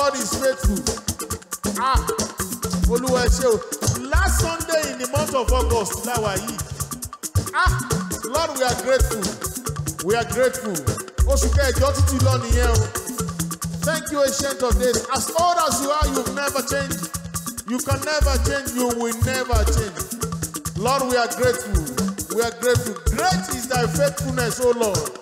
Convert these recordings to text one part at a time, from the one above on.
God is faithful. Ah, Olúwa ẹ ṣé Last Sunday in the month of August láwa yìí. Ah, Lord we are grateful. We are grateful. Oṣù kẹjọ títí lọ nìyẹn Thank you ancient of days. As old as you are, you've never changed. You can never change. You will never change. Lord, we are grateful. We are grateful. Great is thy faithfulness, O Lord.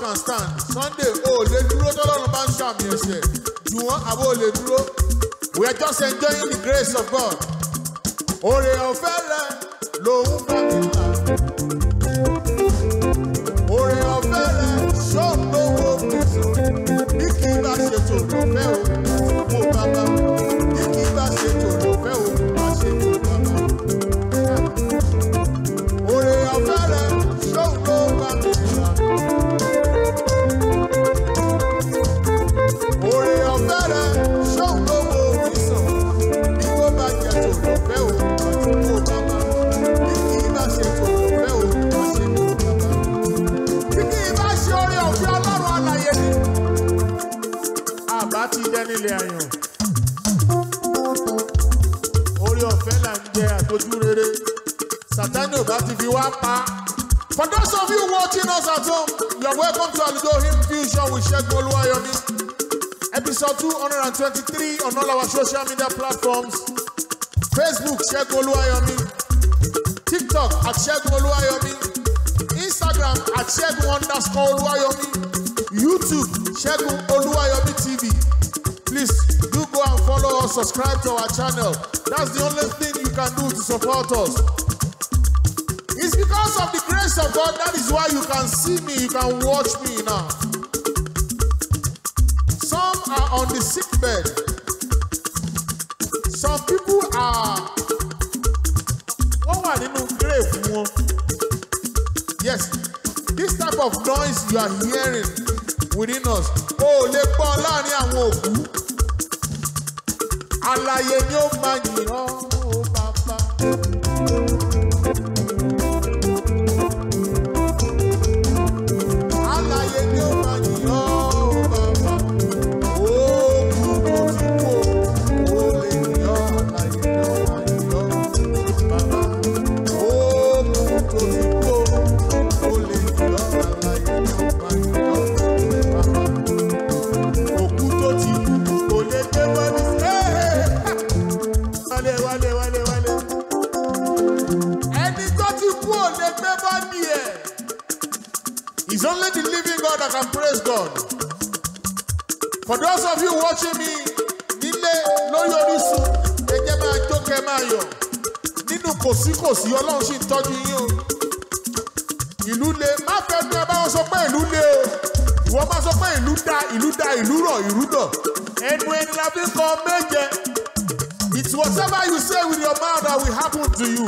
can stand Sunday o ò lè dúró tọ́lọ́run bá ń ṣàmì ẹ̀ṣẹ̀ jù wọ́n àbó ò lè we are just enjoying the grace of God òrè ọ̀fẹ́ rẹ̀ lòun bá mi là. nílé àyàn. orí ọ̀fẹ́ là ń jẹ àtọ́jú rere sátánì ò ti fi wá pa. For those of you watching us at home, you are welcome to AlujoHymn Fusion with Segun Oluwayomi. Episode 223 on all our social media platforms. Facebook Segun Oluwayomi. TikTok at Segun Oluwayomi. Instagram at Segun underscore Oluwayomi. YouTube Segun Oluwayomi subscribe to our channel. That's the only thing you can do to support us. It's because of the grace of God that is why you can see me, you can watch me now. Some are on the sick bed. Some people are wọ́n wà nínú grave Yes, this type of noise you are hearing within us, Oh, le lè gbọ́ láàrin àwọn aláyé ni ó máa yìn ọ́. Praise God. For those of you watching me nílé lórí Orísun ẹ jẹ́ máa jó kẹ́ máa yọ̀ nínú kòsíkòsí Ọlọ́run sì ń tọ́jú yín o. Ìlú le má fẹ́ ní ẹ bá wọn sọ pé ìlú le o. Ìwọ It's whatever you say with your mouth that will happen to you.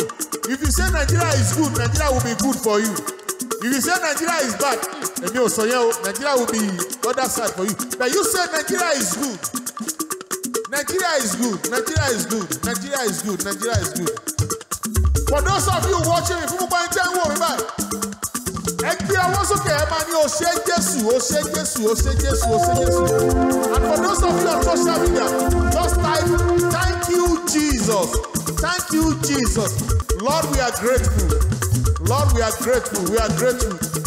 If you say Nigeria is good, Nigeria will be good for you. If you say Nigeria is bad, èmi ò sọ yẹn o Nigeria will be the other side for you but you say Nigeria is good Nigeria is good Nigeria is good Nigeria is good Nigeria is good for those of you watching me fún gbogbo ẹni tẹ́ ń wò mí báyìí ẹ gbé ọwọ́ sókè ẹ máa ní o ṣé Jésù o ṣé Jésù o ṣé Jésù o ṣé Jésù and for those of you on social media just type thank you Jesus thank you Jesus Lord we are grateful Lord we are grateful we are grateful.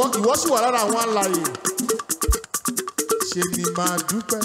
ìwọ sì wà lára àwọn alààyè ṣe ni màá dúpẹ́.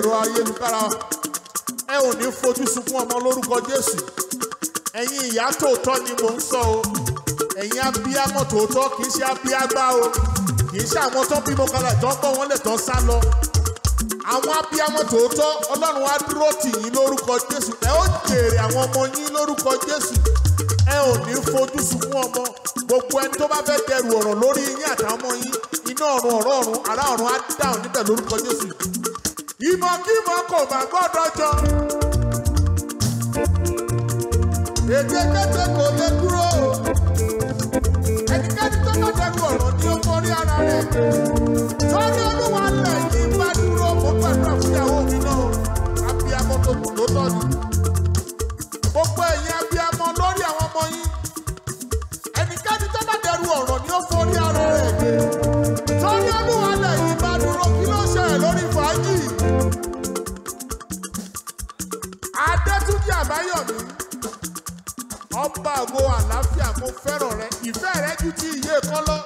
ẹ̀rọ ayélujára ẹ ò ní fojú sunkún ọmọ lórúkọ Jésù ẹ̀yin ìyá tòótọ́ ni mò ń sọ o ẹ̀yin abíyámọ̀ tòótọ́ kì í ṣe abíyágbá o kì í ṣe àwọn tó bímọ kalẹ̀ tó ń bọ̀ wọ́n lè tán sá lọ àwọn abíyámọ̀ tòótọ́ Ọlọ́run á dúró tì yín lórúkọ Jésù ẹ ó jèrè àwọn ọmọ yín lórúkọ Jésù ẹ ò ní fojú sunkún ọmọ gbogbo ẹni tó bá fẹ́ dẹrù ọ̀rọ̀ lórí yín àtàwọn ọmọ yín iná ọ̀run ọ̀rọ̀ ọ̀run ará ọ̀run á dáhùn níbẹ̀ lórúkọ Jésù ìmọ̀kímọ̀ kò má gbọ́dọ̀ jọ. èdè tètè kò lè kúrò o. ẹnikẹ́ni tó bá dẹnu ọ̀rọ̀ ni ó mọrí ara rẹ̀. lórí olúwa lẹ̀ yìí bá dúró mọ́ pẹ̀lú àfúyàwó mi náà. àbí amọ́tòkùn ló tọ́ ni. mo àlàáfíà mo fẹ́ràn rẹ ìfẹ́ rẹ ju ti iye kan lọ.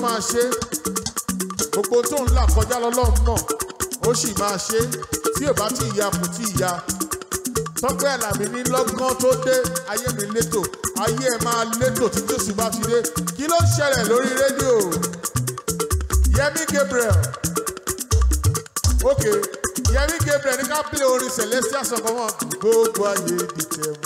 máa ṣe gbogbo tó ń là kọjá lọ́lọ́run náà ó sì máa ṣe tí ò bá tí ìyá kù tí ìyá Tọ́pẹ́ Àlàbí ní lọ́gán tó dé ayé mi létò ayé ẹ máa létò tí Jésù bá ti dé kí ló ń ṣẹlẹ̀ lórí rédíò Yẹmí Gabriel ok Yẹmí Gabriel ní ká pílẹ̀ orin Celestial sọ̀kọ̀ wọn gbogbo ayé dìtẹ̀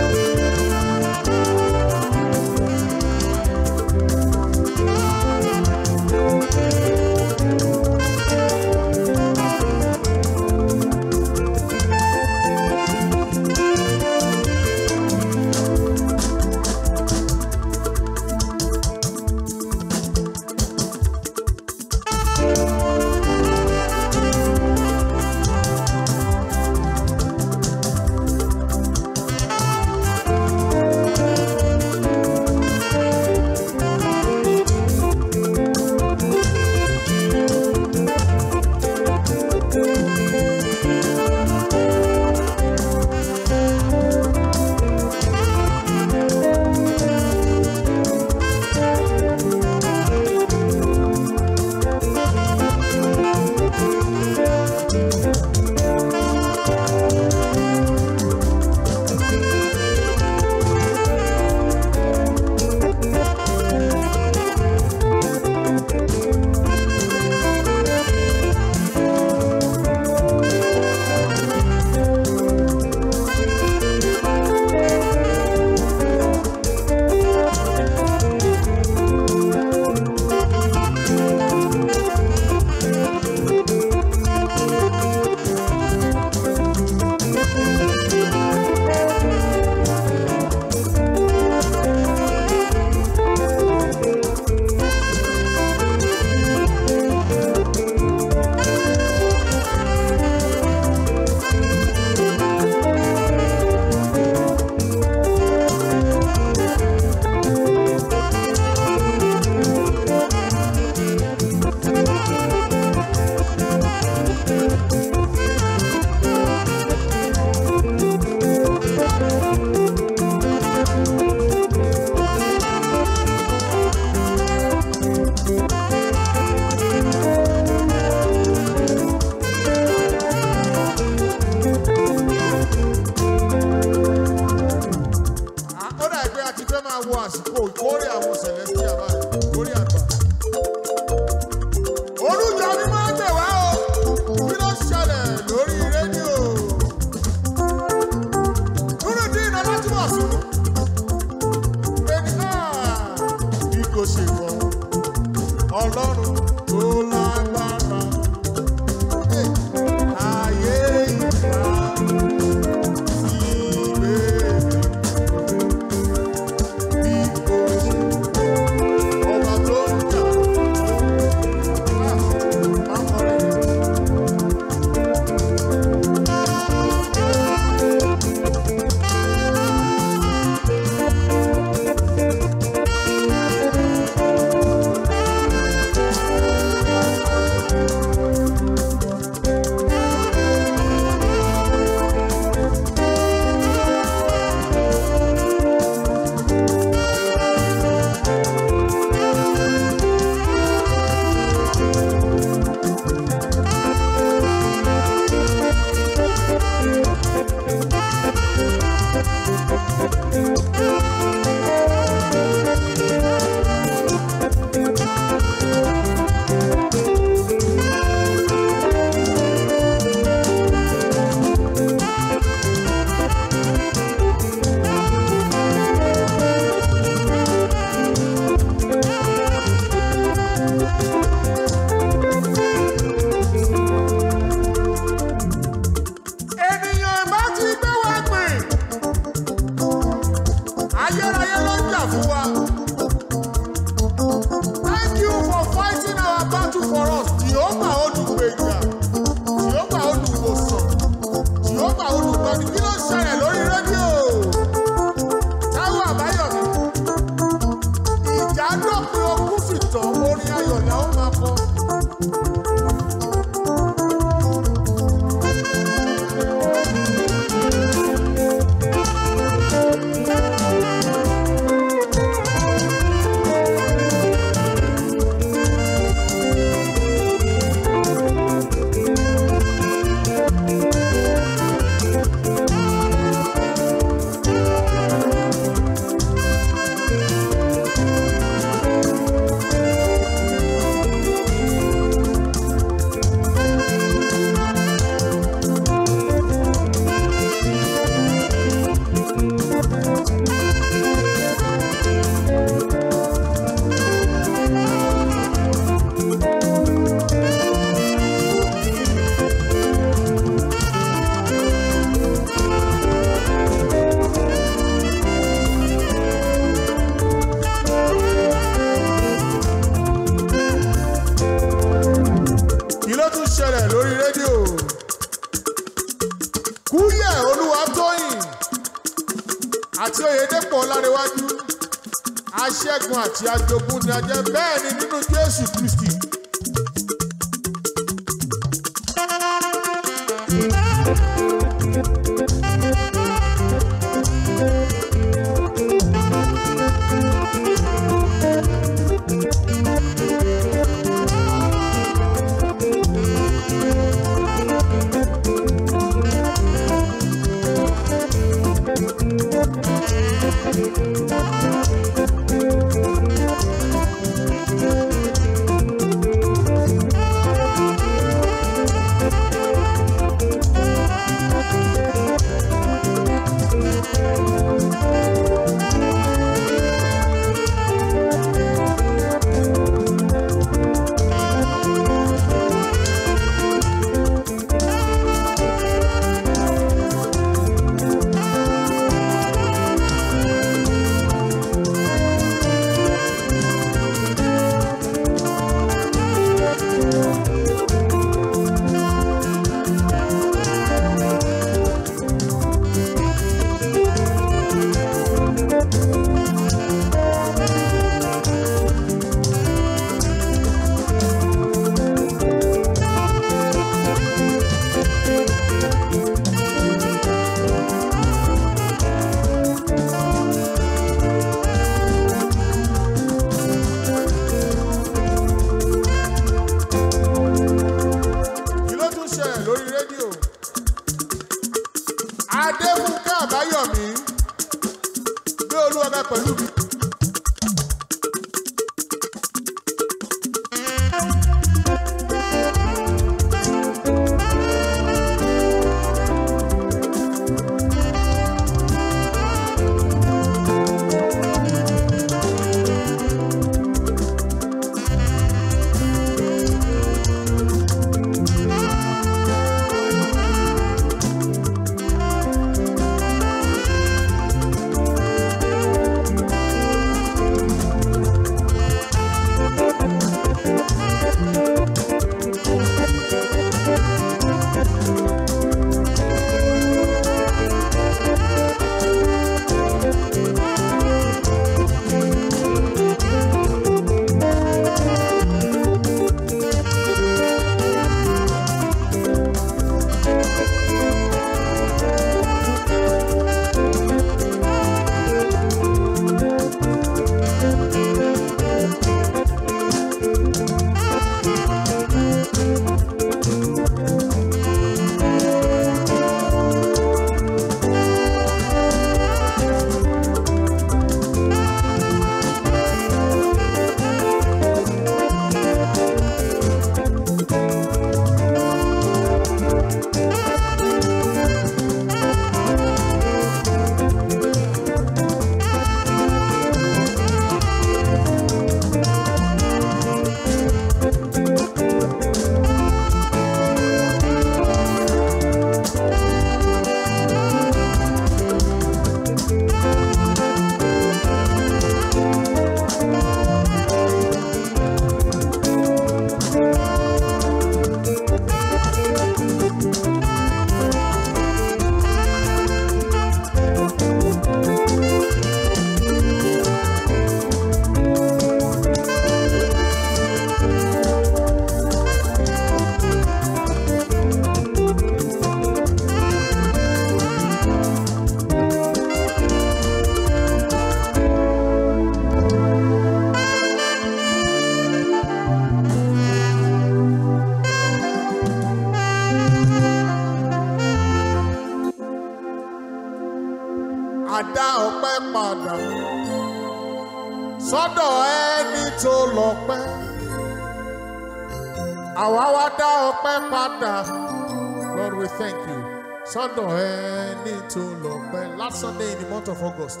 sọ́dọ̀ ẹni tó lọ́pẹ́ last Sunday in the month of August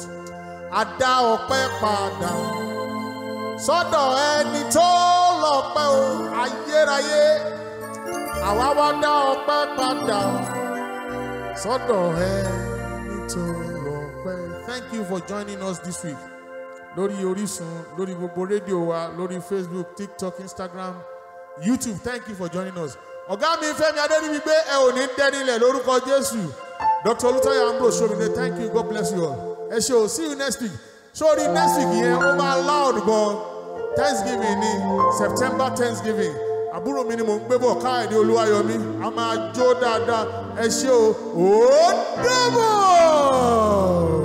a dá ọpẹ́ padà sọ́dọ̀ ẹni tó lọ́pẹ́ o ayérayé àwa wá dá ọpẹ́ padà sọ́dọ̀ ẹni tó lọ́pẹ́. Thank you for joining us this week lórí Orísun lórí gbogbo rédíò wa lórí Facebook TikTok Instagram YouTube thank you for joining us ọ̀gá mi Fẹ́mi Adéríbigbé ẹ ò ní dẹ́nilẹ̀ lórúkọ Jésù Dr. Olùtayọ Ambrose Ṣomine thank you God bless you all ẹ ṣe o see you next week sórí next week yẹn ó máa loud gan Thanksgiving ni September Thanksgiving àbúrò mi ni mò ń gbé bọ̀ káàdì Olúwayọ̀mí a máa jó dáadáa ẹ ṣe o ó dàbọ̀.